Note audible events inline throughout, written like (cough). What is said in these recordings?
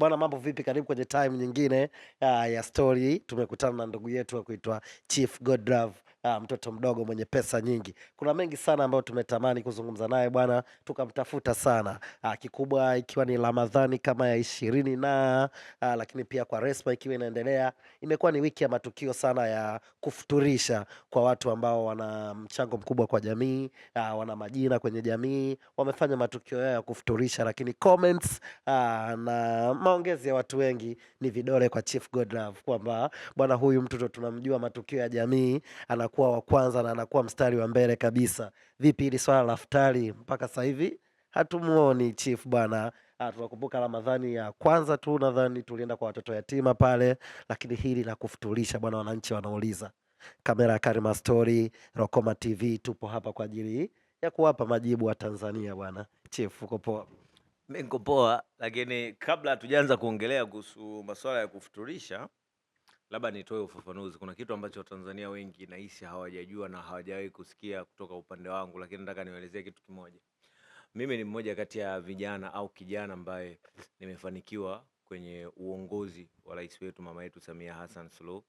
bwana, mambo vipi? Karibu kwenye time nyingine ya, ah, ya story. Tumekutana na ndugu yetu wa kuitwa Chief godrav uh, mtoto mdogo mwenye pesa nyingi. Kuna mengi sana ambayo tumetamani kuzungumza naye bwana, tukamtafuta sana uh, kikubwa ikiwa ni Ramadhani kama ya ishirini na uh, lakini pia kwa Respa ikiwa inaendelea, imekuwa ni wiki ya matukio sana ya kufuturisha kwa watu ambao wana mchango mkubwa kwa jamii uh, wana majina kwenye jamii, wamefanya matukio yao ya kufuturisha, lakini comments uh, na maongezi ya watu wengi ni vidole kwa Chief Godlove kwamba bwana, huyu mtoto tunamjua matukio ya jamii ana anakuwa wa kwanza na anakuwa mstari wa mbele kabisa. Vipi hili swala la futari? Mpaka sasa hivi hatumuoni chief bwana. Ah, tunakumbuka Ramadhani ya kwanza tu nadhani tulienda kwa watoto yatima pale, lakini hili la kufutulisha bwana, wananchi wanauliza. Kamera ya Karima Story, Rokoma TV, tupo hapa kwa ajili ya kuwapa majibu wa Tanzania bwana. Chief, uko poa? Mimi niko poa, lakini kabla hatujaanza kuongelea kuhusu masuala ya kufutulisha, Labda nitoe ufafanuzi, kuna kitu ambacho Watanzania wengi nahisi hawajajua na hawajawahi kusikia kutoka upande wangu, lakini nataka niwaelezee kitu kimoja. Mimi ni mmoja kati ya vijana au kijana ambaye nimefanikiwa kwenye uongozi wa rais wetu mama yetu Samia Hassan Suluhu,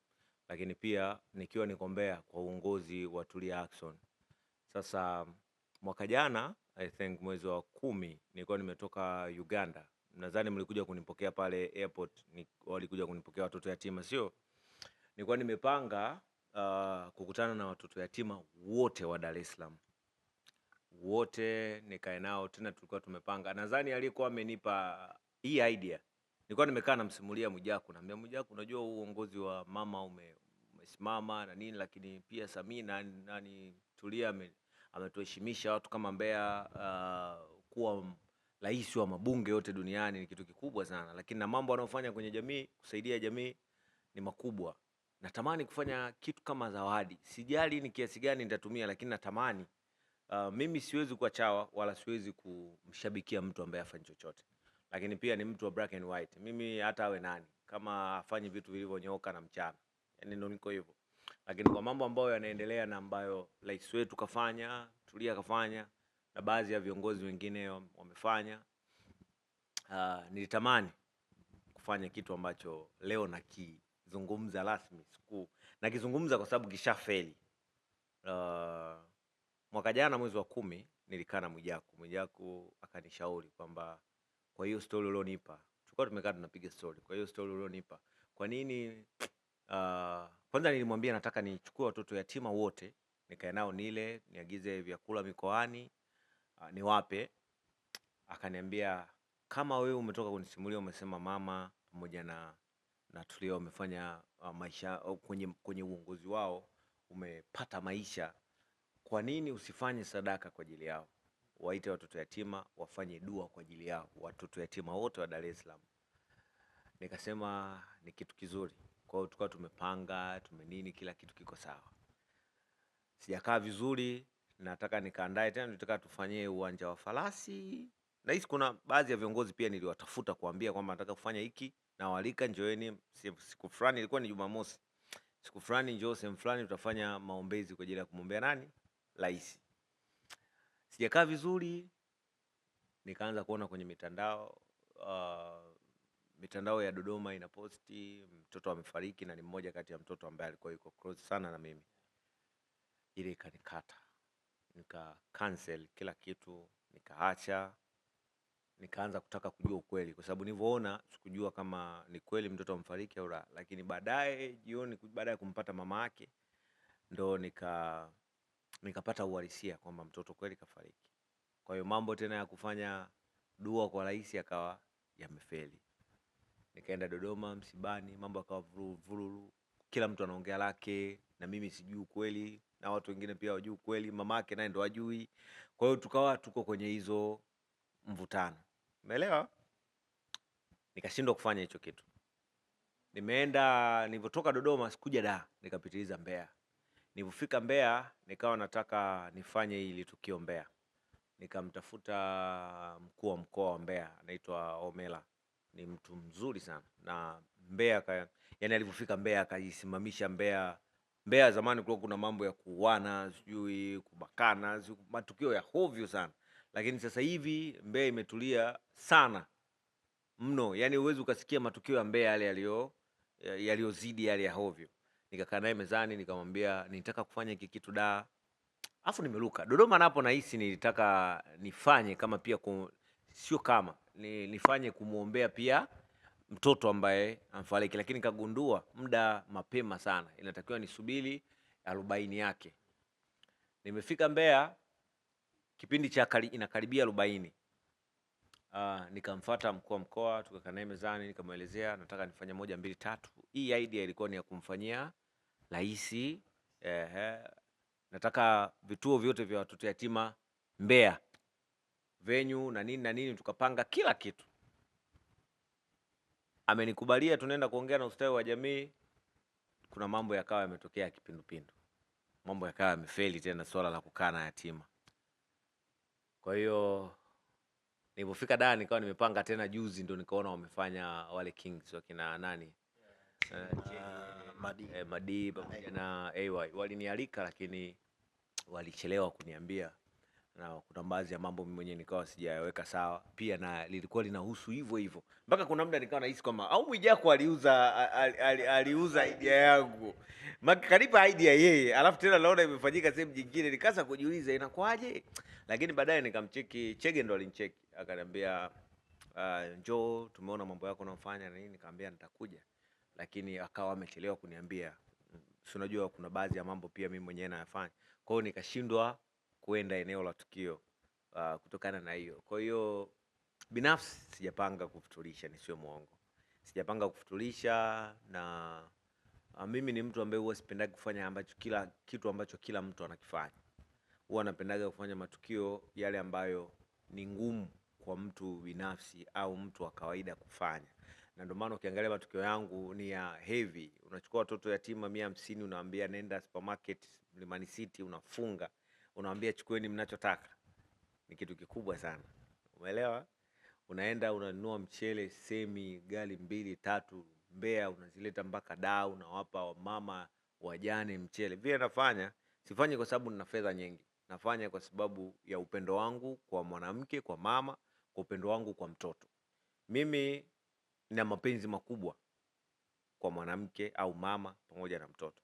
lakini pia nikiwa nikombea kwa uongozi wa Tulia Ackson. Sasa mwaka jana I think mwezi wa kumi nilikuwa nimetoka Uganda, nadhani mlikuja kunipokea pale airport ni, walikuja kunipokea watoto yatima, sio? nilikuwa nimepanga uh, kukutana na watoto yatima wote wa Dar es Salaam wote nikae nao tena. Tulikuwa tumepanga, nadhani alikuwa amenipa hii idea nilikuwa nimekaa namsimulia Mwijaku, naambia Mwijaku, unajua uongozi wa mama ume, umesimama na nini, lakini pia Samia na nani Tulia ametuheshimisha watu kama Mbeya uh, kuwa rais wa mabunge yote duniani ni kitu kikubwa sana, lakini na mambo anayofanya kwenye jamii kusaidia jamii ni makubwa natamani kufanya kitu kama zawadi, sijali ni kiasi gani nitatumia, lakini natamani uh, mimi siwezi kuwa chawa wala siwezi kumshabikia mtu ambaye hafanyi chochote, lakini pia ni mtu wa black and white. Mimi hata awe nani, kama afanyi vitu vilivyonyooka na mchana, yani ndo niko hivyo. Lakini kwa mambo ambayo yanaendelea na ambayo rais like, wetu kafanya, Tulia kafanya na baadhi ya viongozi wengine wamefanya, uh, nilitamani kufanya kitu ambacho leo na kii kuzungumza rasmi siku nakizungumza kwa sababu kisha kishafeli. Uh, mwaka jana mwezi wa kumi nilikaa na Mwijaku. Mwijaku akanishauri kwamba kwa hiyo story ulionipa, tulikuwa tumekaa tunapiga story, kwa hiyo story ulionipa, kwa nini uh, kwanza nilimwambia nataka nichukue watoto yatima wote nikae nao nile, niagize vyakula mikoani, uh, niwape. Akaniambia kama wewe umetoka kunisimulia umesema mama pamoja na na tulio wamefanya uh, maisha uh, kwenye, kwenye uongozi wao umepata maisha. Kwa nini usifanye sadaka kwa ajili yao? Waite watoto yatima wafanye dua kwa ajili yao, watoto yatima wote wa Dar es Salaam. Nikasema ni kitu kizuri. Kwa hiyo tukawa tumepanga tumenini, kila kitu kiko sawa. Sijakaa vizuri, nataka nikaandae tena, nataka tufanyie uwanja wa Farasi. Nahisi kuna baadhi ya viongozi pia niliwatafuta kuambia kwamba nataka kufanya hiki nawaalika njoeni siku fulani, ilikuwa ni Jumamosi, siku fulani njoo sehemu fulani, tutafanya maombezi kwa ajili ya kumwombea nani, rais. Sijakaa vizuri, nikaanza kuona kwenye mitandao uh, mitandao ya Dodoma inaposti mtoto amefariki, na ni mmoja kati ya mtoto ambaye alikuwa yuko close sana na mimi. Ile ikanikata, nika cancel kila kitu, nikaacha nikaanza kutaka kujua ukweli, kwa sababu nilivyoona sikujua kama ni kweli mtoto amfariki au la. Lakini baadaye jioni, baada ya kumpata mama yake, ndo nika nikapata uhalisia kwamba mtoto kweli kafariki. Kwa hiyo mambo tena ya kufanya dua kwa rahisi akawa yamefeli. Nikaenda Dodoma msibani, mambo akawa vururu, kila mtu anaongea lake, na mimi sijui ukweli, na watu wengine pia hawajui ukweli, mamake naye ndo wajui Kwa hiyo tukawa tuko kwenye hizo mvutano. Umeelewa? Nikashindwa kufanya hicho kitu. Nimeenda nilivyotoka Dodoma sikuja da, nikapitiliza Mbeya. Nilipofika Mbeya nikawa nataka nifanye hili tukio Mbeya. Nikamtafuta mkuu wa mkoa wa Mbeya anaitwa Omela. Ni mtu mzuri sana na Mbeya ka, yani alivyofika Mbeya akaisimamisha Mbeya. Mbeya zamani kulikuwa kuna mambo ya kuuana, sijui kubakana, matukio ya hovyo sana lakini sasa hivi Mbeya imetulia sana mno, yani uwezi ukasikia matukio ya Mbeya yale yaliyo yaliyozidi yale ya hovyo. Nikakaa naye mezani nikamwambia nitaka kufanya hiki kitu da, afu nimeruka Dodoma. Napo nahisi nilitaka nifanye kama pia kum, sio kama ni, nifanye kumwombea pia mtoto ambaye amfariki, lakini kagundua muda mapema sana, inatakiwa nisubiri arobaini yake. Nimefika Mbeya kipindi cha kari, inakaribia arobaini. Uh, nikamfuata mkuu wa mkoa tukakaa naye mezani, nikamwelezea nataka nifanye moja mbili tatu. Hii idea ilikuwa ni ya kumfanyia rais eh, nataka vituo vyote vya watoto yatima mbea venyu na nini na nini, tukapanga kila kitu. Amenikubalia, tunaenda kuongea na ustawi wa jamii. Kuna mambo yakawa yametokea kipindupindu, mambo yakawa yamefeli tena, swala la kukaa na yatima kwa hiyo nilipofika da nikawa nimepanga tena juzi ndo nikaona wamefanya wale Kings wakina nani eh, eh, Madii eh, pamoja na AY walinialika, lakini walichelewa kuniambia na kuna baadhi ya mambo mimi mwenyewe nikawa sijayaweka sawa pia, na lilikuwa linahusu hivyo hivyo, mpaka kuna muda nikawa nahisi kwamba au Mwijaku aliuza al, al, aliuza idea yangu makaripa idea yeye, alafu tena naona imefanyika sehemu nyingine, nikaanza kujiuliza inakwaje Lakini baadaye nikamcheki Chege, ndo alinicheki akaniambia, uh, njoo tumeona mambo yako unafanya nini. Nikamwambia nitakuja, lakini akawa amechelewa kuniambia. Si unajua kuna baadhi ya mambo pia mimi mwenyewe nayafanya, kwao nikashindwa kwenda eneo la tukio uh, kutokana na hiyo. Kwa hiyo binafsi sijapanga kufutulisha, nisiwe mwongo, sijapanga kufutulisha na uh, mimi ni mtu ambaye huwa sipendagi kufanya ambacho kila kitu ambacho kila mtu anakifanya. Huwa napendaga kufanya matukio yale ambayo ni ngumu kwa mtu binafsi au mtu wa kawaida kufanya, na ndio maana ukiangalia matukio yangu ni ya heavy. Unachukua watoto yatima mia hamsini, unaambia nenda supermarket Mlimani City, unafunga unawambia chukueni mnachotaka, ni kitu kikubwa sana, umeelewa? Unaenda unanunua mchele semi gari mbili tatu Mbeya, unazileta mpaka daa, unawapa wamama wajane mchele. Vile nafanya sifanyi kwa sababu nina fedha nyingi, nafanya kwa sababu ya upendo wangu kwa mwanamke, kwa mama, kwa upendo wangu kwa mtoto. Mimi nina mapenzi makubwa kwa mwanamke au mama pamoja na mtoto,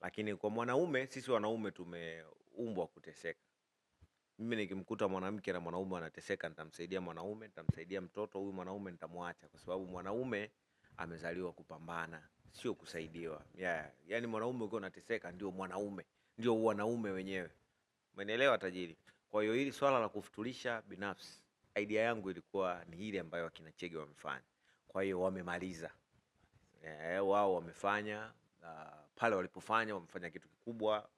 lakini kwa mwanaume, sisi wanaume tume umbwa kuteseka. Mimi nikimkuta mwanamke na mwanaume anateseka nitamsaidia mwanaume, nitamsaidia mtoto huyu mwanaume, nitamwacha kwa sababu mwanaume amezaliwa kupambana, sio kusaidiwa. Yeah. yani mwanaume ukiwa unateseka ndio mwanaume, ndio wanaume wenyewe. Umenielewa tajiri? Kwa hiyo hili swala la kufutulisha binafsi, idea yangu ilikuwa ni ile ambayo akina Chege wamefanya. Kwa hiyo wamemaliza. yeah, wao wamefanya uh, pale walipofanya wamefanya kitu kikubwa,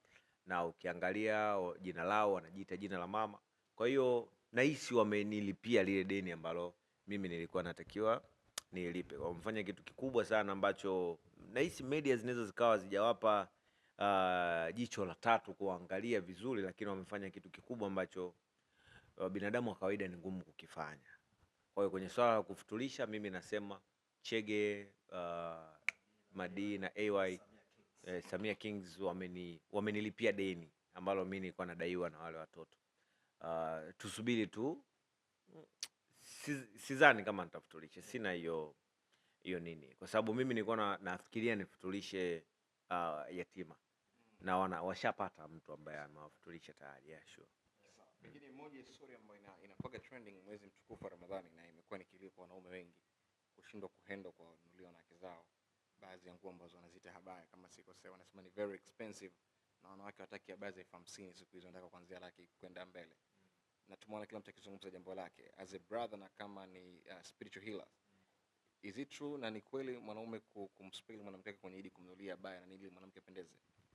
na ukiangalia jina lao wanajiita jina la mama. Kwa hiyo nahisi wamenilipia lile deni ambalo mimi nilikuwa natakiwa nilipe. Wamefanya kitu kikubwa sana ambacho nahisi media zinaweza zikawa zijawapa uh, ah, jicho la tatu kuangalia vizuri, lakini wamefanya kitu kikubwa ambacho uh, binadamu wa kawaida ni ngumu kukifanya. Kwa hiyo kwenye swala la kufutulisha, mimi nasema Chege uh, na AY eh, Samia Kings wameni, wamenilipia deni ambalo mi nilikuwa nadaiwa na wale watoto. Uh, tusubiri tu, sidhani kama nitafutulisha, sina hiyo hiyo nini, kwa sababu mimi nilikuwa na, nafikiria nifutulishe uh, yatima mm. na wana washapata mtu ambaye amewafutulisha tayari. Yeah, sure. Pengine moja ya story ambayo ina, inakuwa trending mwezi mtukufu wa Ramadhani na imekuwa ni kilio kwa wanaume wengi kushindwa kuhandle kwa wanunuliwa na wake zao baadhi ya nguo ambazo wanaziita habaya, kama sikosea, wanasema ni very expensive, na wanawake wataki habaya za elfu hamsini siku hizo, nataka kuanzia laki kwenda mbele mm. na tumeona kila mtu akizungumza jambo lake as a brother na kama ni uh, spiritual healer mm. is it true na ni kweli mwanaume kumspeli mwanamke wake kwenye idi kumnulia baya na nini mwanamke pendeze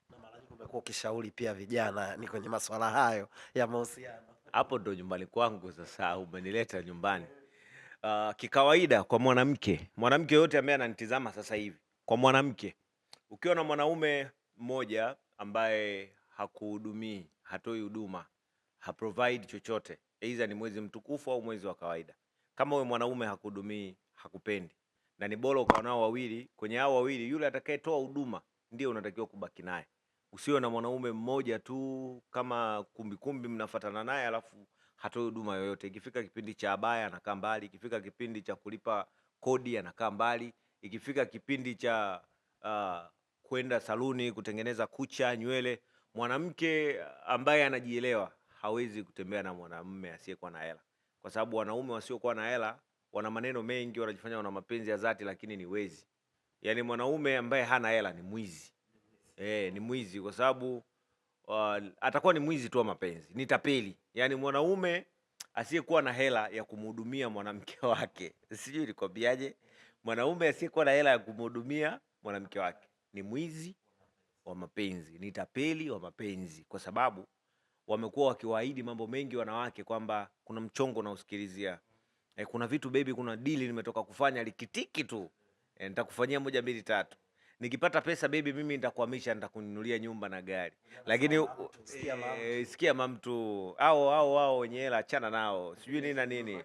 na mara nyingi umekuwa ukishauri pia vijana ni kwenye masuala hayo ya mahusiano hapo ndo nyumbani kwangu sasa umenileta nyumbani uh, kikawaida kwa mwanamke mwanamke yote ambaye ananitizama sasa hivi kwa mwanamke, ukiwa na mwanaume mmoja ambaye hakuhudumii, hatoi huduma, haprovide chochote, aidha ni mwezi mtukufu au mwezi wa kawaida, kama huyo mwanaume hakuhudumii, hakupendi, na ni bora ukawa nao wawili. Kwenye hao wawili, yule atakayetoa huduma ndiye unatakiwa kubaki naye. Usiwe na mwanaume mmoja tu kama kumbikumbi, mnafatana naye alafu hatoi huduma yoyote. Ikifika kipindi cha abaya anakaa mbali, ikifika kipindi cha kulipa kodi anakaa mbali ikifika kipindi cha uh, kwenda saluni kutengeneza kucha, nywele, mwanamke ah, ambaye anajielewa hawezi kutembea na mwanamume asiyekuwa na hela, kwa sababu wanaume wasiokuwa na hela wana maneno mengi, wanajifanya wana mapenzi ya dhati, lakini ni wezi. Yaani mwanaume ambaye hana hela ni mwizi e, ni mwizi kwa sababu uh, atakuwa ni mwizi tu wa mapenzi, ni tapeli. Yaani mwanaume asiyekuwa na hela ya kumhudumia mwanamke (laughs) wake, sijui nikwambiaje. Mwanaume asiyekuwa na hela ya kumhudumia mwanamke wake ni mwizi wa mapenzi, ni tapeli wa mapenzi, kwa sababu wamekuwa wakiwaahidi mambo mengi wanawake kwamba kuna mchongo unausikilizia, e, eh, kuna vitu baby, kuna dili nimetoka kufanya likitiki tu e, nitakufanyia moja mbili tatu nikipata pesa bebi, mimi nitakuhamisha, nitakununulia nyumba na gari. Lakini sikia mamtu ao ao ao wenye hela, achana nao, sijui nini na nini.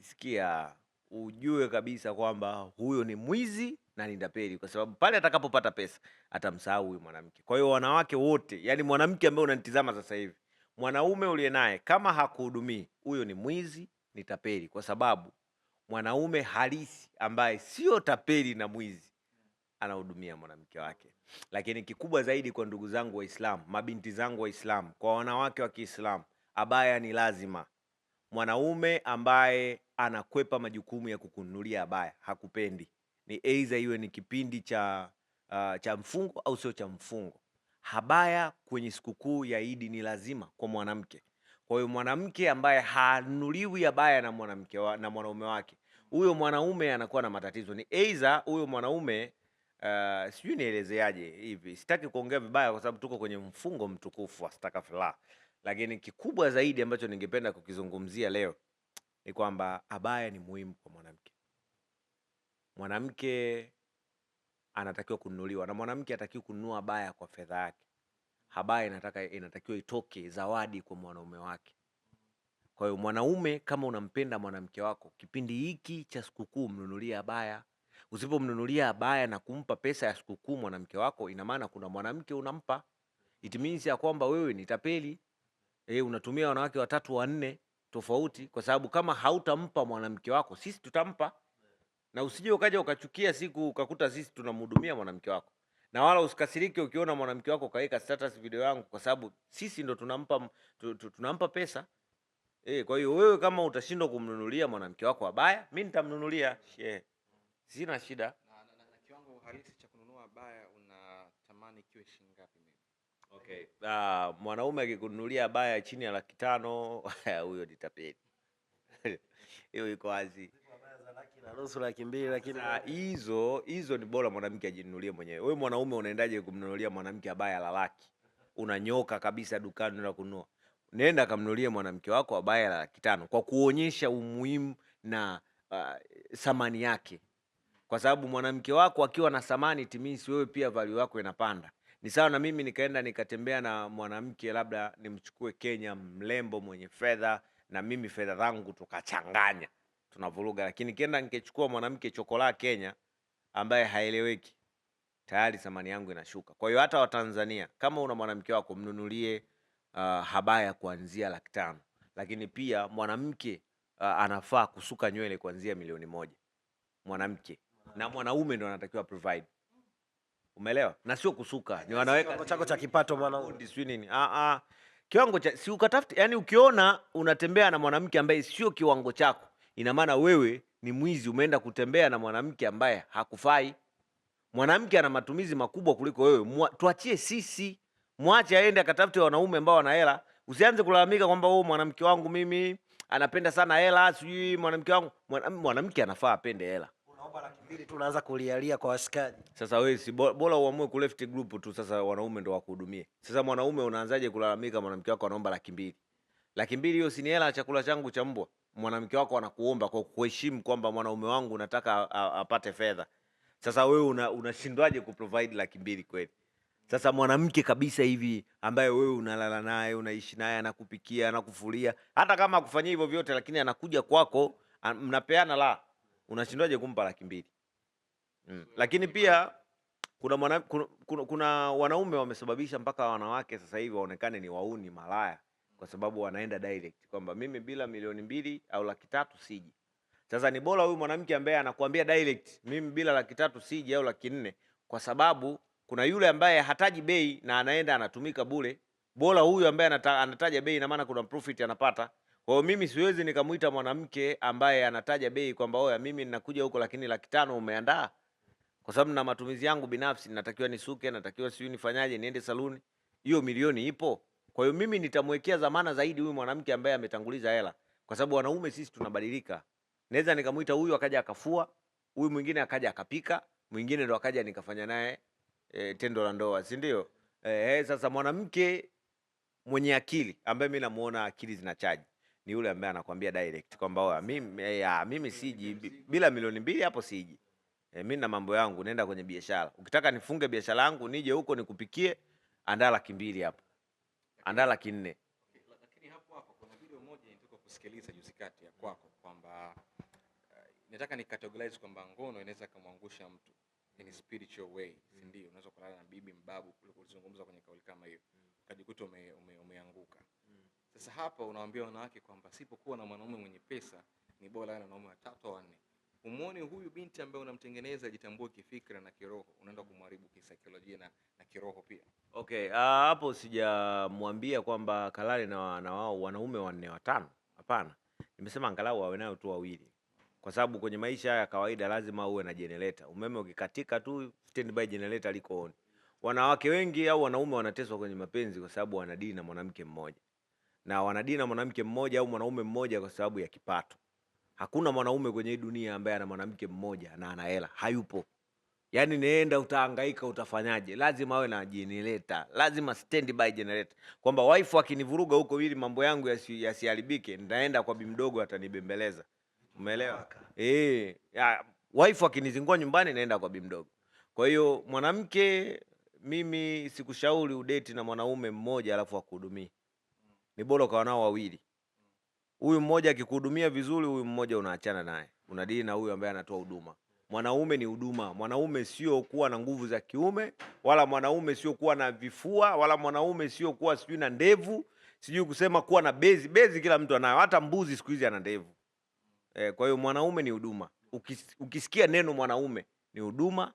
Sikia, ujue kabisa kwamba huyo ni mwizi na ni tapeli, kwa sababu pale atakapopata pesa atamsahau huyu mwanamke. Kwa hiyo wanawake wote, yani mwanamke ambaye unanitizama sasa hivi, mwanaume uliye naye, kama hakuhudumii, huyo ni mwizi, ni taperi kwa sababu mwanaume halisi ambaye sio tapeli na mwizi anahudumia mwanamke wake. Lakini kikubwa zaidi kwa ndugu zangu waislam mabinti zangu waislam kwa wanawake wa Kiislamu, abaya ni lazima. Mwanaume ambaye anakwepa majukumu ya kukununulia abaya, hakupendi. Ni aidha iwe ni kipindi cha, uh, cha mfungo au sio cha mfungo. Habaya kwenye sikukuu ya Idi ni lazima kwa mwanamke. Kwa hiyo mwanamke ambaye hanunuliwi abaya na mwanamke wa, na mwanaume wake huyo mwanaume anakuwa na matatizo. Ni aidha huyo mwanaume uh, sijui nielezeaje hivi, sitaki kuongea vibaya kwa sababu tuko kwenye mfungo mtukufu wa stakafula, lakini kikubwa zaidi ambacho ningependa kukizungumzia leo ni kwamba abaya ni muhimu kwa mwanamke. Mwanamke anatakiwa kununuliwa, na mwanamke hatakiwi kununua abaya kwa fedha yake. Abaya inataka inatakiwa itoke zawadi kwa mwanaume wake. Kwa hiyo mwanaume, kama unampenda mwanamke wako, kipindi hiki cha sikukuu mnunulie abaya. Usipomnunulia abaya na kumpa pesa ya sikukuu mwanamke wako, ina maana kuna mwanamke unampa, it means ya kwamba wewe ni tapeli. E, unatumia wanawake watatu wanne tofauti, kwa sababu kama hautampa mwanamke wako, sisi tutampa, na usije ukaja ukachukia siku ukakuta sisi tunamhudumia mwanamke wako, na wala usikasirike ukiona mwanamke wako kaweka status video yangu, kwa sababu sisi ndo tunampa tunampa pesa e. Kwa hiyo wewe kama utashindwa kumnunulia mwanamke wako wabaya, mi nitamnunulia yeah. Sina shida na, na, na, na kiwango halisi cha kununua wabaya unatamani kiwe Okay. Uh, mwanaume akikununulia baya chini ya laki tano (laughs) huyo ni tapeli. (laughs) Hiyo iko wazi. Nusu laki mbili lakini hizo hizo ni bora mwanamke ajinunulie mwenyewe. Wewe mwanaume unaendaje kumnunulia mwanamke abaya la laki? Unanyoka kabisa dukani na kununua. Nenda kamnunulie mwanamke wako abaya la laki tano kwa kuonyesha umuhimu na ah, thamani uh, yake. Kwa sababu mwanamke wako akiwa na thamani timisi, wewe pia value yako inapanda. Ni sawa na mimi nikaenda nikatembea na mwanamke labda nimchukue Kenya, mrembo mwenye fedha, na mimi fedha zangu tukachanganya, tunavuruga. Lakini nikienda nikachukua mwanamke chokola Kenya ambaye haeleweki, tayari thamani yangu inashuka. Kwa hiyo hata Watanzania, kama una mwanamke wako mnunulie uh, habaya kuanzia laki tano, lakini pia mwanamke uh, anafaa kusuka nywele kuanzia milioni moja mwanamke, na mwanaume ndo anatakiwa provide. Umeelewa? Na sio kusuka, ni wanaweka kiwango chako cha kipato mwanangu, sio nini. Ah ah. Kiwango cha si ukatafuti, yani ukiona unatembea na mwanamke ambaye sio kiwango chako, ina maana wewe ni mwizi, umeenda kutembea na mwanamke ambaye hakufai. Mwanamke ana matumizi makubwa kuliko wewe. Mwa, tuachie sisi. Mwache aende akatafute wanaume ambao wana hela. Usianze kulalamika kwamba wewe oh, mwanamke wangu mimi anapenda sana hela, sijui mwanamke wangu. Mwanamke anafaa apende hela hapa laki mbili tunaanza kulialia kwa askari. Sasa wewe si bora uamue ku left group tu, sasa wanaume ndo wakuhudumie. Sasa mwanaume unaanzaje kulalamika mwanamke wako anaomba laki mbili? Laki mbili hiyo si ni hela ya chakula changu cha mbwa. Mwanamke wako anakuomba kwa kuheshimu kwamba mwanaume wangu nataka apate fedha. Sasa wewe unashindwaje una ku provide laki mbili kweli? Sasa mwanamke kabisa hivi ambaye wewe unalala naye unaishi naye, anakupikia anakufulia, hata kama akufanyia hivyo vyote, lakini anakuja kwako, mnapeana la unashindwaje kumpa laki mbili? Mm. Lakini pia kuna, mwana, kuna, kuna, kuna wanaume wamesababisha mpaka wanawake sasa hivi waonekane ni wauni malaya, kwa sababu wanaenda direct kwamba mimi bila milioni mbili au laki tatu siji. Sasa ni bora huyu mwanamke ambaye anakuambia direct, mimi bila laki tatu siji au laki nne, kwa sababu kuna yule ambaye hataji bei na anaenda anatumika bure. Bora huyu ambaye anataja bei, na maana kuna profit anapata. Kwa hiyo mimi siwezi nikamwita mwanamke ambaye anataja bei kwamba oya, mimi ninakuja huko lakini laki tano umeandaa, kwa sababu na matumizi yangu binafsi, natakiwa nisuke, natakiwa sijui nifanyaje, niende saluni, hiyo milioni ipo. Kwa hiyo mimi nitamwekea zamana zaidi huyu mwanamke ambaye ametanguliza hela, kwa sababu wanaume sisi tunabadilika. Naweza nikamwita huyu akaja akafua, huyu mwingine akaja akapika, mwingine ndo akaja nikafanya naye e, tendo la ndoa, si ndio? E, sasa mwanamke mwenye akili ambaye mimi namuona akili zinachaji ni yule ambaye anakuambia direct kwamba mimi, oh, ya, eh, ah, mimi siji bila milioni mbili hapo siji. E, eh, mimi na mambo yangu nenda kwenye biashara. Ukitaka nifunge biashara yangu nije huko nikupikie, andaa laki mbili hapo, andaa laki nne. kusikiliza juzi ya kwako kwamba eh, nataka ni categorize kwamba ngono inaweza kumwangusha mtu in spiritual way, si ndio? Unaweza kulala na bibi mbabu, kuzungumza kwenye kauli kama hiyo, mm. ukajikuta umeanguka ume, ume sasa hapa unawaambia wanawake kwamba sipokuwa na mwanaume mwenye pesa ni bora ana wanaume watatu au wanne. Umuone huyu binti ambaye unamtengeneza ajitambue kifikra na kiroho, unaenda kumharibu kisaikolojia na, na kiroho pia. Okay, ah, hapo sijamwambia kwamba kalale na, na wao wanaume wanne watano. Hapana, nimesema angalau wawe nayo tu wawili, kwa sababu kwenye maisha ya kawaida lazima uwe na jenereta. Umeme ukikatika tu standby jenereta liko on. Wanawake wengi au wanaume wanateswa kwenye mapenzi kwa sababu wanadili na mwanamke mmoja na wanadina mwanamke mmoja au mwanaume mmoja kwa sababu ya kipato. Hakuna mwanaume kwenye hii dunia ambaye ana mwanamke mmoja na ana hela, hayupo. Yaani nienda utahangaika, utafanyaje? Lazima awe na generator, lazima standby generator, kwamba wife akinivuruga huko ili mambo yangu yasiharibike, yasi nitaenda kwa mdogo atanibembeleza. Umeelewa? Eh, wife akinizingua nyumbani naenda kwa mdogo. Kwa hiyo mwanamke, mimi sikushauri udeti na mwanaume mmoja alafu akuhudumie ni bora ukawa nao wawili. Huyu mmoja akikuhudumia vizuri, huyu mmoja unaachana naye, unadili na huyu ambaye anatoa huduma. Mwanaume ni huduma. Mwanaume sio kuwa na nguvu za kiume, wala mwanaume sio kuwa na vifua, wala mwanaume sio kuwa sijui na ndevu, sijui kusema kuwa na bezi. Bezi kila mtu anayo, hata mbuzi siku hizi ana ndevu. E, kwa hiyo mwanaume ni huduma. Ukis, ukisikia neno mwanaume ni huduma,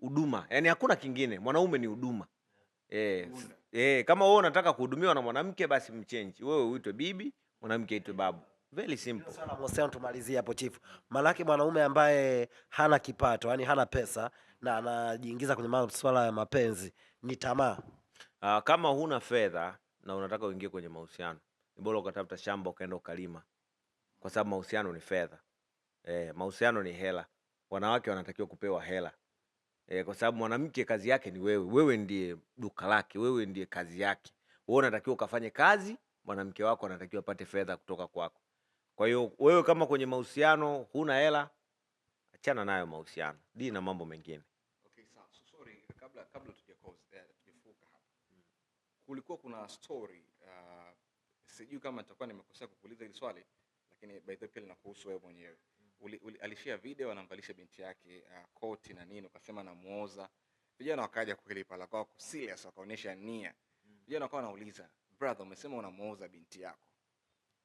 huduma, yaani hakuna kingine. Mwanaume ni huduma e, Eh, kama wewe unataka kuhudumiwa na mwanamke basi mchenji wewe uitwe bibi, mwanamke aitwe eh. babu. Very simple. Sasa msema tumalizie hapo chief. Malaki mwanaume ambaye hana kipato, yani hana pesa na anajiingiza kwenye masuala ya mapenzi ni tamaa. Uh, kama huna fedha na unataka uingie kwenye mahusiano, ni bora ukatafuta shamba ukaenda ukalima, kwa sababu mahusiano ni fedha. Eh, mahusiano ni hela. Wanawake wanatakiwa kupewa hela e, kwa sababu mwanamke kazi yake ni wewe, wewe ndiye duka lake, wewe ndiye kazi yake. Wewe unatakiwa ukafanye kazi, mwanamke wako anatakiwa apate fedha kutoka kwako. Kwa hiyo wewe kama kwenye mahusiano huna hela, achana nayo mahusiano, dili na mambo mengine. Okay, sawa. So, sorry, kabla kabla eh, hapa, kulikuwa kuna story uh, sijui kama nitakuwa nimekosea kukuuliza hili swali, lakini by the way pia linakuhusu wewe mwenyewe alishia video anamvalisha binti yake uh, koti na nini, ukasema namuoza. Vijana wakaja kweli pala kwa serious, wakaonyesha nia. Mm. Vijana wakawa wanauliza brother, umesema unamuoza binti yako,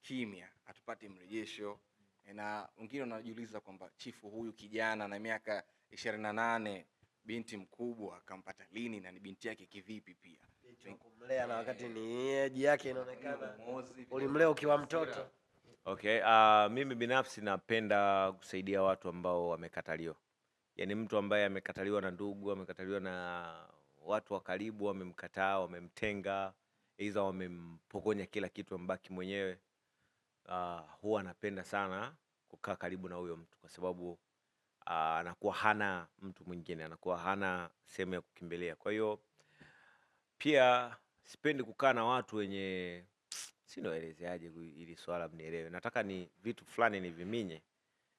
kimya, hatupati mrejesho. Mm. Na wengine wanajiuliza kwamba chifu huyu kijana na miaka ishirini na nane binti mkubwa akampata lini na ni binti yake kivipi? Pia kumlea na wakati eh. ni yeye yake inaonekana ulimlea ukiwa mtoto Okay, uh, mimi binafsi napenda kusaidia watu ambao wamekataliwa. Yaani mtu ambaye amekataliwa na ndugu, amekataliwa na watu wa karibu, wamemkataa, wamemtenga, iza wamempokonya kila kitu ambaki mwenyewe. Uh, Huwa napenda sana kukaa karibu na huyo mtu kwa sababu uh, anakuwa hana mtu mwingine, anakuwa hana sehemu ya kukimbilia. Kwa hiyo pia sipendi kukaa na watu wenye sinoelezeaje ili swala mnielewe. Nataka ni vitu fulani niviminye,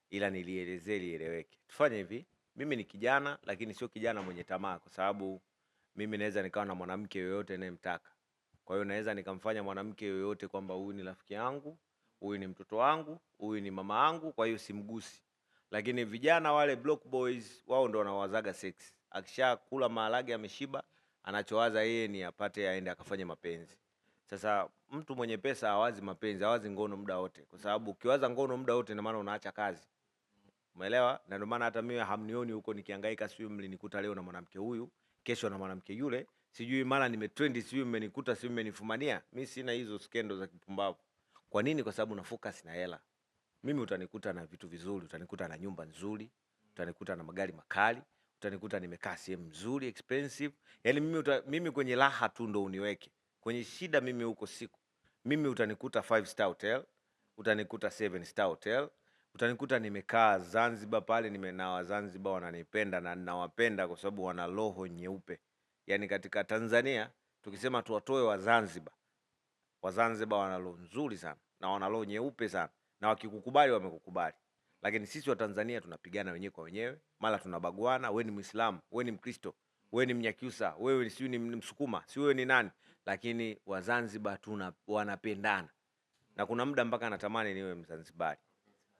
ila nilielezee lieleweke. Tufanye hivi, mimi ni kijana lakini sio kijana mwenye tamaa, kwa sababu mimi naweza nikawa na mwanamke yoyote ninayemtaka. Kwa hiyo naweza nikamfanya mwanamke yoyote kwamba huyu ni rafiki yangu, huyu ni mtoto wangu, huyu ni mama yangu, kwa hiyo simgusi. Lakini vijana wale block boys, wao ndo wanawazaga sex. Akishakula maharage ameshiba, anachowaza yeye ni apate aende akafanye mapenzi. Sasa mtu mwenye pesa awazi mapenzi, awazi ngono muda wote, kwa sababu ukiwaza ngono muda wote, ina maana unaacha kazi, umeelewa? Na ndio maana hata mimi hamnioni huko nikihangaika, sijui mlinikuta leo na mwanamke huyu, kesho na mwanamke yule, sijui mara nimetrendi, sijui mmenikuta, sijui mmenifumania. Mimi sina hizo skendo za kipumbavu. Kwa nini? Kwa sababu na focus na hela. Mimi utanikuta na vitu vizuri, utanikuta na nyumba nzuri, utanikuta na magari makali, utanikuta nimekaa sehemu nzuri expensive. Yaani mimi uta, mimi kwenye raha tu ndo uniweke. Kwenye shida mimi huko siku mimi utanikuta five star hotel, utanikuta seven star hotel, utanikuta nimekaa Zanzibar pale nime na Wazanzibar wananipenda na ninawapenda kwa sababu wana roho nyeupe. yani katika Tanzania tukisema tuwatoe Wazanzibar, Wazanzibar wana roho nzuri sana na wana roho nyeupe sana na wakikukubali wamekukubali. Lakini sisi Watanzania tunapigana wenyewe kwa wenyewe, mara tunabaguana, we ni Muislamu, we ni Mkristo, wewe ni Mnyakyusa, wewe siu ni Msukuma, si wewe ni nani, lakini Wazanzibar tuna wanapendana, na kuna muda mpaka natamani niwe Mzanzibari.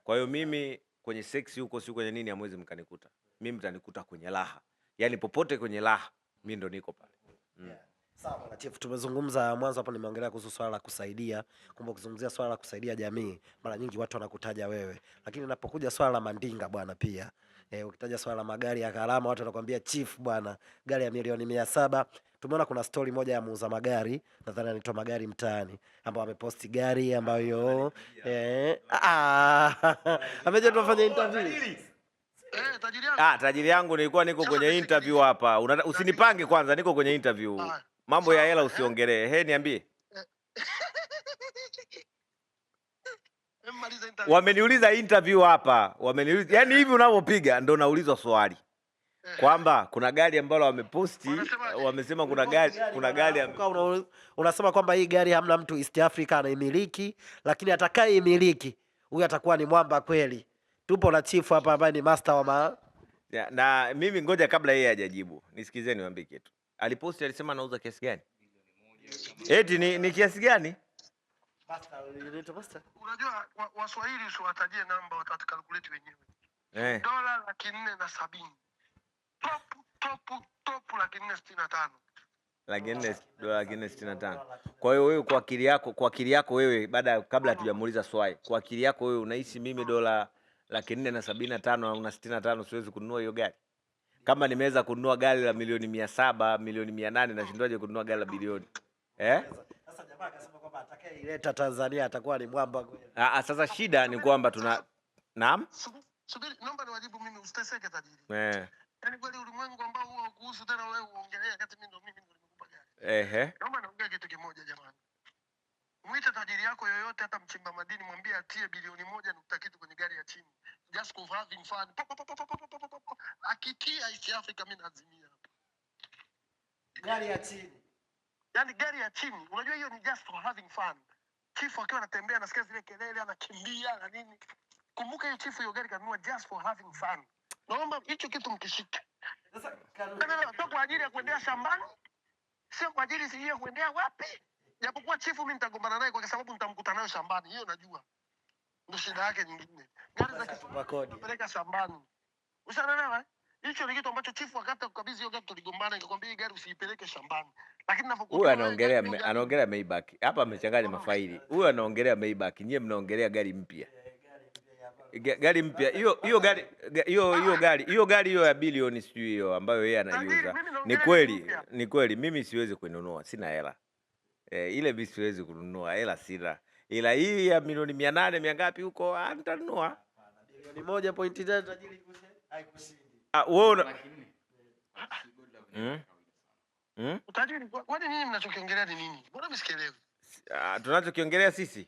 Kwa hiyo mimi kwenye seksi huko, si kwenye nini, amwezi mkanikuta mimi, mtanikuta kwenye raha, yaani popote kwenye raha mi ndo niko pale mm. yeah. Sawa, Chief, tumezungumza mwanzo hapo, nimeongelea kuhusu swala la kusaidia. Kumbe ukizungumzia swala la kusaidia jamii, mara nyingi watu wanakutaja wewe, lakini inapokuja swala la mandinga bwana, pia E, ukitaja swala la magari ya gharama watu wanakuambia chief, bwana gari ya milioni mia saba. Tumeona kuna stori moja ya muuza magari nadhani anaitwa magari mtaani, ambao ameposti gari ambayo ah, eh, ah, (laughs) ameja tunafanya oh, interview Eh, ah, tajiri yangu. nilikuwa niko kwenye interview hapa. Usinipange kwanza, niko kwenye interview. Mambo ya hela usiongelee. He, niambie. Eh, (laughs) wameniuliza interview hapa, wameniuliza yani hivi unavyopiga ndo naulizwa swali eh. kwamba kuna gari ambalo wameposti eh, wamesema kuna gari kuna gari unasema kwamba hii gari hamna mtu East Africa anaimiliki, lakini atakaye imiliki huyu atakuwa ni mwamba kweli. Tupo na chifu hapa ambaye ni master wa ma... ya, na mimi ngoja, kabla yeye hajajibu nisikizeni, niwaambie kitu aliposti. Alisema anauza kiasi gani? Eti ni, ni kiasi gani? Basta, basta. Unajua Waswahili wa namba watatukalkuleti wenyewe eh. Dola laki nne na sabini topu topu topu laki nne sitini na tano dola laki nne sitini na tano Kwa hiyo wewe kwa akili yako kwa akili yako wewe baada kabla hatujamuuliza swali, kwa akili yako wewe unahisi mimi dola laki nne na sabini na tano na sitini na tano siwezi kununua hiyo gari? Kama nimeweza kununua gari la milioni mia saba milioni mia nane nashindwaje kununua gari la bilioni eh? ileta Tanzania atakuwa ni mwamba kweli. Ah, ah sasa shida ni kwamba tuna naam, subiri, naomba niwajibu mimi, usiteseke tajiri eh, yani kweli ulimwengu ambao huo kuhusu tena wewe uongelea kati, mimi ndo mimi nilikupa nimekupa gari ehe. Naomba niongee kitu kimoja jamani, mwite tajiri yako yoyote, hata mchimba madini, mwambie atie bilioni moja nukta kitu kwenye gari ya chini, just for having fun, akitia East Africa, mimi nazimia gari ya chini yani gari ya timu, unajua hiyo ni just for having fun. Chifu akiwa anatembea nasikia zile kelele, anakimbia na nini. Kumbuka hiyo chifu, hiyo gari kanunua just for having fun. Naomba hicho kitu mkishike, sio kwa ajili ya kuendea shambani, sio kwa ajili sijui ya kuendea wapi. Japokuwa chifu mi nitagombana naye kwa sababu nitamkuta nayo shambani, hiyo najua ndo shida yake. Nyingine gari za kipeleka shambani, ushanelewa eh? hicho ni kitu ambacho chifu akata kukabidhi hiyo gari, tuligombana, nikakwambia hii gari usiipeleke shambani, lakini ninapokuwa huyu anaongelea anaongelea Maybach hapa, amechanganya mafaili. Huyu anaongelea Maybach, nyie mnaongelea gari mpya gari mpya hiyo hiyo gari hiyo hiyo ah, ah. gari hiyo gari hiyo ya bilioni sijui hiyo ambayo yeye anaiuza ni kweli ni kweli mimi siwezi kuinunua sina hela e, ile mi siwezi kununua hela sina ila hii ya milioni mia nane mia ngapi huko ah, nitanunua Ni moja pointi tatu tajiri haikusi- haikusi- Ah, hmm? Hmm? Ah, tunachokiongelea sisi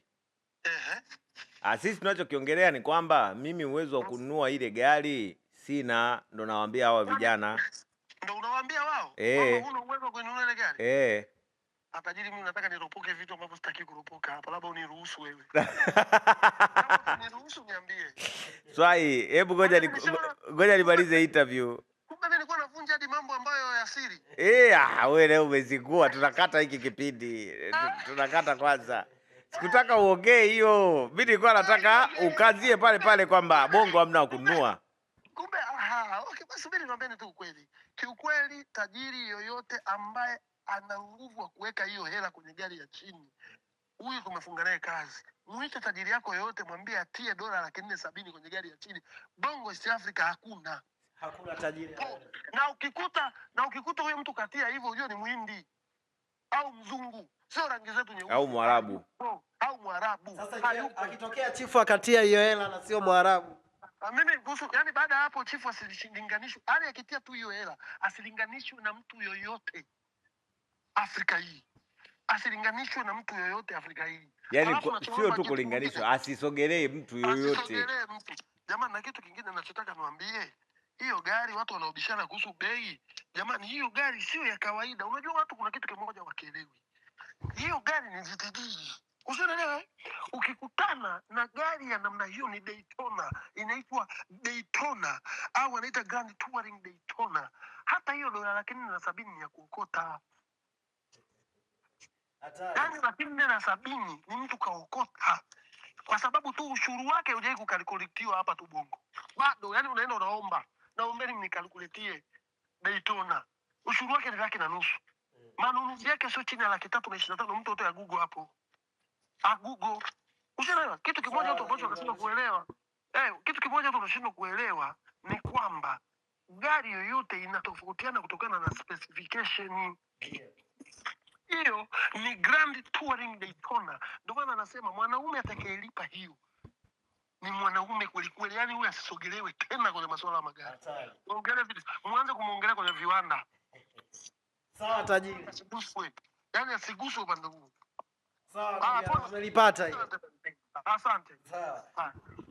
ah, sisi tunachokiongelea ni kwamba mimi uwezo wa kununua ile gari sina, ndo nawaambia hawa vijana, ndo unawaambia wao, eh. Matajiri mimi nataka niropoke vitu ambavyo sitaki kuropoka hapa, labda uniruhusu wewe. (laughs) Niruhusu niambie. Swai, hebu ngoja ni ngoja nimalize interview. Kumbe mimi nilikuwa navunja hadi mambo ambayo ya siri. Eh, ah, wewe leo umezingua, tunakata hiki kipindi. Ah. Tunakata kwanza. Sikutaka uongee hiyo. Mimi nilikuwa nataka ah, ukazie pale pale kwamba bongo hamna kununua. Kumbe aha, okay, basi mimi niambie tu ukweli. Kiukweli tajiri yoyote ambaye ana nguvu wa kuweka hiyo hela kwenye gari ya chini, huyu tumefunga naye kazi. Mwite tajiri yako yoyote, mwambie atie dola laki nne sabini kwenye gari ya chini. Bongo East Africa hakuna hakuna tajiri na ukikuta na ukikuta huyo mtu katia hivyo, ujue ni Muhindi au mzungu, sio rangi zetu nyeupe au Mwarabu au Mwarabu. Sasa akitokea chifu akatia hiyo hela na sio Mwarabu ah, mimi kuhusu yani, baada ya hapo chifu asilinganishwe, hali akitia tu hiyo hela asilinganishwe na mtu yoyote. Afrika hii asilinganishwe na mtu yoyote Afrika hii, yani sio tu kulinganishwa, asisogelee mtu yoyote, asisogelee mtu jamani. Na kitu kingine ninachotaka niwaambie, hiyo gari watu wanaobishana kuhusu bei, jamani, hiyo gari sio ya kawaida. Unajua watu kuna kitu kimoja wakielewi, hiyo gari ni ZTD Usielewe, ukikutana na gari ya namna hiyo ni Daytona, inaitwa Daytona au wanaita Grand Touring Daytona. Hata hiyo dola laki nne na sabini ni ya kuokota. Yaani laki nne na sabini ni mtu kaokota kwa sababu tu ushuru wake hujai kukalikulitiwa hapa tu Bongo bado. Yani unaenda unaomba, naombeni mnikalkuletie Daytona, ushuru wake ni laki na nusu, hmm. manunuzi yake sio chini ya laki tatu na ishirini na tano. Mtu yote Google hapo, agugo. Ushaelewa kitu kimoja tu ambacho unashindwa kuelewa eh, kitu kimoja tu unashindwa kuelewa ni kwamba gari yoyote inatofautiana kutokana na specification yeah hiyo ni grand touring Daytona. Ndio maana anasema mwanaume atakayelipa hiyo ni mwanaume kwelikweli, yani huyu asisogelewe tena kwenye masuala ya magari. Ongelea vitu, mwanze kumwongelea kwenye viwanda. Sawa tajiri, asiguswe, yani asiguswe upande huu. Sawa, ah, tunalipata hiyo. Asante.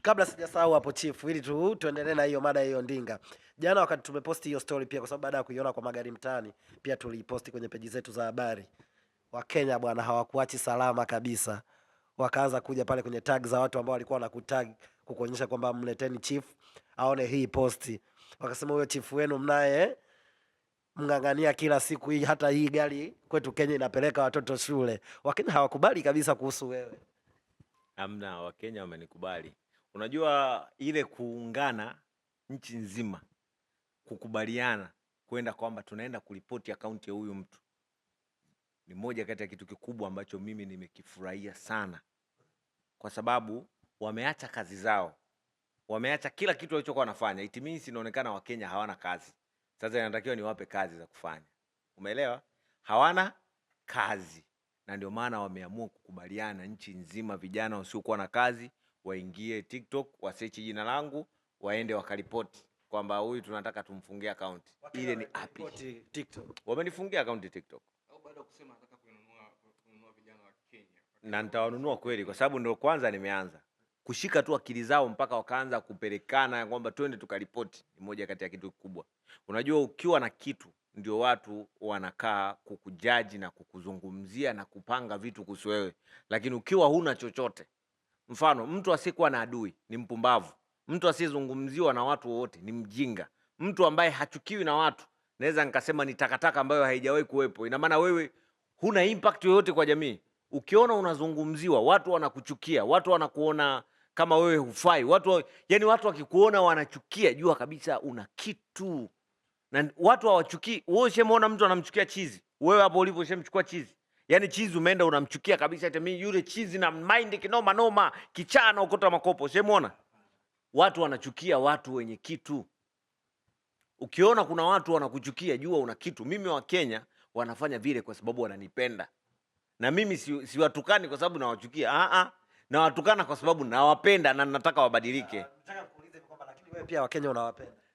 Kabla sijasahau hapo chief, ili tu tuendelee na hiyo mada hiyo ndinga. Jana wakati tumeposti hiyo story pia, kwa sababu baada ya kuiona kwa magari mtaani, pia tuliiposti kwenye peji zetu za habari. Wakenya bwana hawakuachi salama kabisa, wakaanza kuja pale kwenye tag za watu ambao walikuwa wanakutag kukuonyesha kwamba mleteni chief aone hii posti. Wakasema huyo chief wenu mnaye eh, mng'ang'ania kila siku hii, hata hii gari kwetu Kenya inapeleka watoto shule. Wakenya hawakubali kabisa kuhusu wewe. Amna, Wakenya wamenikubali. Unajua ile kuungana nchi nzima, kukubaliana kwenda kwamba tunaenda kuripoti akaunti ya huyu mtu ni moja kati ya kitu kikubwa ambacho mimi nimekifurahia sana, kwa sababu wameacha kazi zao, wameacha kila kitu walichokuwa wanafanya. It means inaonekana Wakenya hawana kazi. Sasa inatakiwa niwape kazi za kufanya, umeelewa? Hawana kazi, na ndio maana wameamua kukubaliana, nchi nzima vijana wasiokuwa na kazi waingie TikTok, wasechi jina langu, waende wakaripoti kwamba huyu tunataka tumfungie akaunti. Ile ni api TikTok, wamenifungia akaunti TikTok kusema nataka kununua kununua vijana wa Kenya na nitawanunua kweli, kwa sababu ndio kwanza nimeanza kushika tu akili zao mpaka wakaanza kupelekana kwamba twende tukaripoti. Ni moja kati ya kitu kikubwa. Unajua, ukiwa na kitu ndio watu wanakaa kukujaji na kukuzungumzia na kupanga vitu kuhusu wewe, lakini ukiwa huna chochote. Mfano, mtu asiyekuwa na adui ni mpumbavu, mtu asiyezungumziwa na watu wowote ni mjinga, mtu ambaye hachukiwi na watu naweza nikasema ni takataka ambayo haijawahi kuwepo. Ina maana wewe huna impact yoyote kwa jamii. Ukiona unazungumziwa, watu wanakuchukia, watu wanakuona kama wewe hufai, watu yani, watu wakikuona wanachukia, jua kabisa una kitu. Na watu hawachukii wewe, ushemuona mtu anamchukia chizi, wewe hapo ulipo ushemchukua chizi Yaani chizi umeenda unamchukia kabisa, eti mimi yule chizi na mind kinoma noma, kichaa na ukota makopo. Ushemwona? Watu wanachukia watu wenye kitu. Ukiona kuna watu wanakuchukia, jua una kitu. Mimi wa Kenya wanafanya vile kwa sababu wananipenda, na mimi siwatukani si kwa sababu nawachukia. nawatukana kwa sababu nawapenda na nataka wabadilike. Ah, nataka kuuliza kwamba, lakini wewe pia Wakenya unawapenda?